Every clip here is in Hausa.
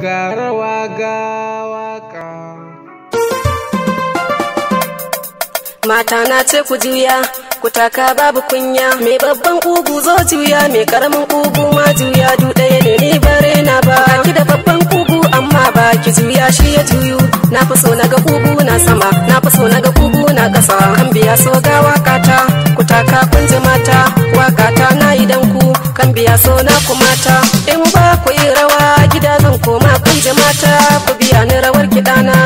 ga mata na ce ku juya ku taka babu kunya mai babban kugu zo juya mai ƙaramin kugu ma juya du ɗaya ne ni bare na ba ki da babban kugu amma ba ki juya shi ya juyu na fi so na ga kugu na sama na fi so na ga kugu na ƙasa kan biya so ga waka ta ku taka kun mata so na ku mata in ba ku yi rawa gida zan koma kun ji mata ku biya ni rawar gidana.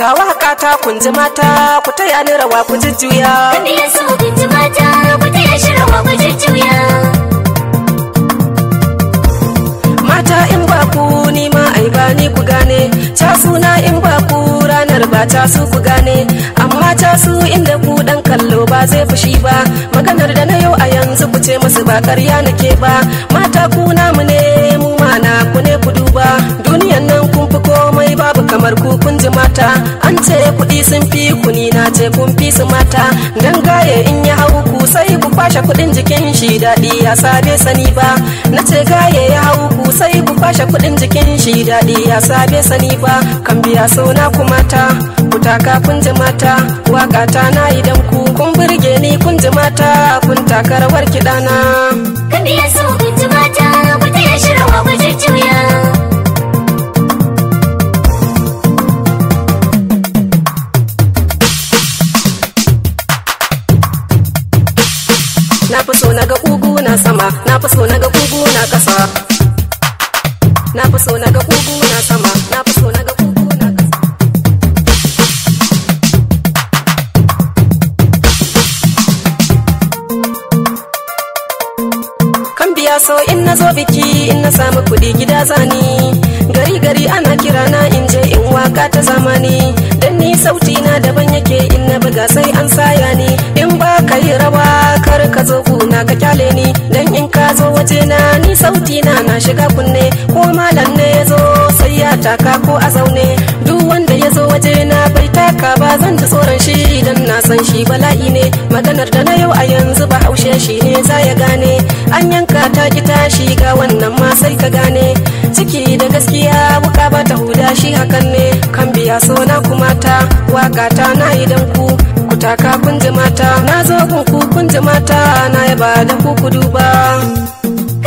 ga waka ta kun ji mata ku taya ni rawa ku jujjuya. Kun biya so kun ji mata ku taya shi rawa ku jujjuya. suna in ba ku ranar ba ta su ku gane amma ta su inda ku dan kallo ba zai fushi ba maganar da na yau a yanzu ku ce musu ba ƙarya nake ba mata ku namu ne mu mana ku ne ku duba duniyan nan kun fi komai babu kamar ku kun ji mata an ce kuɗi sun fi ku ni na ce kun fi su mata dan gaye in ya hau ku sai ku kwashe kuɗin jikin shi daɗi ya sabe sani ba na ce gaye ya hau ku bashi kudin jikin shi daɗi ya sabe ba, kan biya sona kumata kuta kafin jimata waka ta na idan ku kun burge ni kun jimata kun takarawar kiɗana kan biya so kun jimata ku taya wa ku jujjuya na fi so na ga ugu na sama na fi so na ga na fi so na ga kugu na sama na fi so na ga kugu na kasa kan biya so in na zo biki in na samu kuɗi gida zani gari gari ana kira na in je in waka ta zamani dan ni sauti na daban yake in na buga sai an saya ni in ba ka yi rawa kar ka zo ce na ni sauti na na shiga kunne ko malam ne ya zo sai ya taka ko a zaune duk wanda ya zo waje na bai taka ba zan ji tsoron shi idan na san shi bala'i ne maganar da na yau a yanzu ba haushe shi ne za ya gane an yanka ta ki tashi ga wannan ma sai ka gane ciki da gaskiya wuka ba ta huda shi hakan ne kan biya so na kuma ta waka ta na idan ku taka kun mata na zo kun ku kun mata na yaba da ku ku duba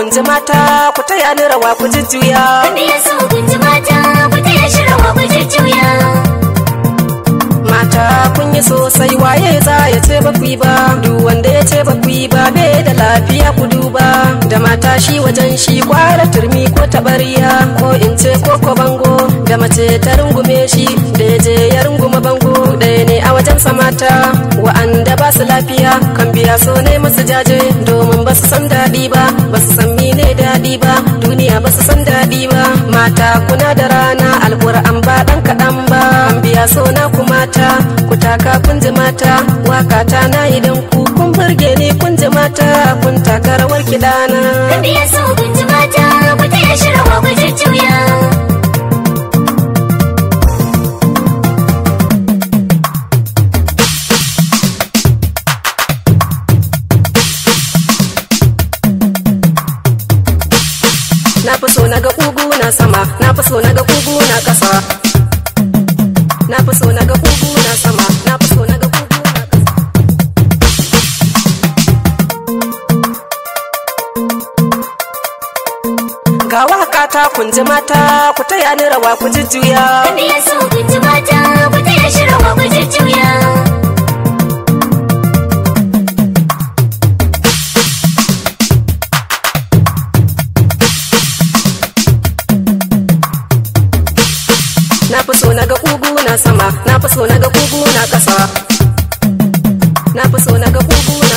kunji mata ku taya ni rawa ku jujjuya ya so kunji mata ku taya shi rawa ku jujjuya mata kun yi sosai waye za ya ce ba ku yi ba duk wanda ya ce ba ku yi ba bai da lafiya ku duba da mata shi wajen shi kwara turmi ko tabariya ko in ce ko ko bango da mace ta rungume shi da ya je ya runguma bango ɗaya ne a wajen samata wa'anda ba su lafiya kan biya so ne masu jaje domin ba su san daɗi ba ba su san mine daɗi ba duniya ba su san daɗi ba mata kuna da rana alƙur'an ba ɗan kaɗan ba kan biya so na ku mata ku taka kun ji mata waka ta na idan ku kun burge ni kun ji mata kun taka rawar kiɗana. Kan biya so na fi so na ga kugu na sama na fi so na ga kugu na kasa na fi so na ga kugu na sama na fi so na ga kugu na kasa ga waka ta kunji mata ku taya ni rawa ku jujjuya sama na faso na ga kugu na kasa na faso na ga kugu